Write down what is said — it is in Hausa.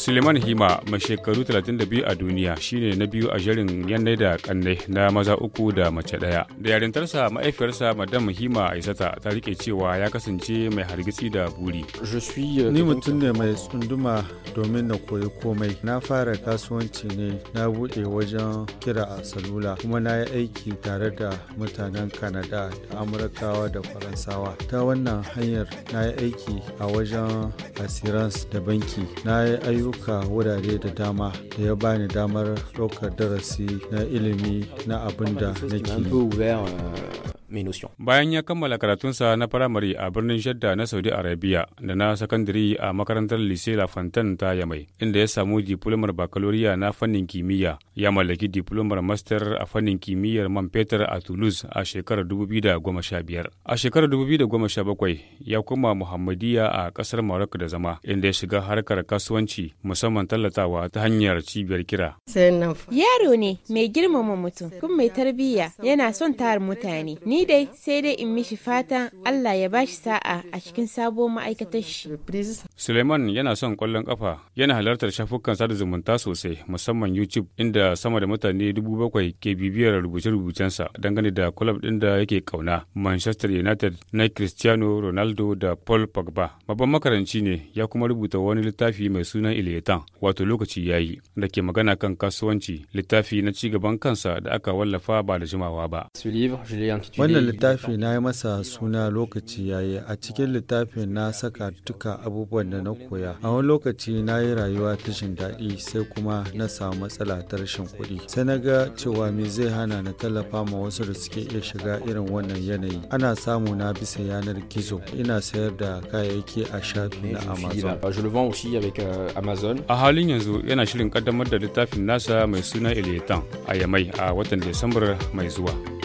Suleiman Hima mai shekaru 32 a duniya shine na biyu a jerin yannai da kannai na maza uku da mace daya. Da yarintarsa ma'aifiyarsa Madam Hima Aisata ta rike cewa ya kasance mai hargitsi da buri. Euh, Ni mutum ne mai tsunduma domin na koyi komai. Na fara kasuwanci ne na buɗe wajen kira a salula kuma na yi aiki tare da mutanen Kanada da Amurkawa da Faransawa. Ta wannan hanyar na yi aiki a wajen asirans da banki. Na yi ayyuka afka wurare da dama da ya bani damar ɗaukar darasi na ilimi na abin da nake. Bayan ya kammala karatunsa na firamare a birnin Shadda na Saudi Arabia da na sakandare a makarantar Lycée La Fontaine ta Yamai, inda ya samu diplomar bakaloriya na fannin kimiyya. Ya mallaki diplomar master a fannin kimiyyar man fetur a Toulouse a shekarar biyar A shekarar bakwai ya koma Muhammadiyya a kasar Morocco da zama, inda ya shiga harkar kasuwanci musamman tallatawa ta hanyar cibiyar kira. Yaro ne mai girmama mutum, kuma mai tarbiyya yana son tayar mutane. Ni dai sai sai dai in mishi fatan Allah ya bashi sa'a a cikin sabuwar ma'aikatar shi. Suleiman yana son kwallon kafa, yana halartar shafukan sada zumunta sosai musamman YouTube inda sama da mutane dubu bakwai ke bibiyar rubuce-rubucensa dangane da kulab ɗin da yake kauna Manchester United na Cristiano Ronaldo da Paul Pogba. Babban makaranci ne ya kuma rubuta wani littafi mai suna Iletan wato lokaci yayi da ke magana kan kasuwanci littafi na ci gaban kansa da aka wallafa ba da jimawa ba. Wannan littafi littafi na yi masa suna lokaci yayi a cikin littafin na saka duka abubuwan da na koya a wani lokaci na yi rayuwa ta jin daɗi sai kuma na samu matsala ta rashin kuɗi sai na ga cewa me zai hana na tallafa ma wasu da suke iya shiga irin wannan yanayi ana samu na bisa yanar gizo ina sayar da kayayyaki a shafi na euh, amazon a halin yanzu yana shirin kaddamar da littafin nasa mai suna iletan a yamai a watan desambar mai zuwa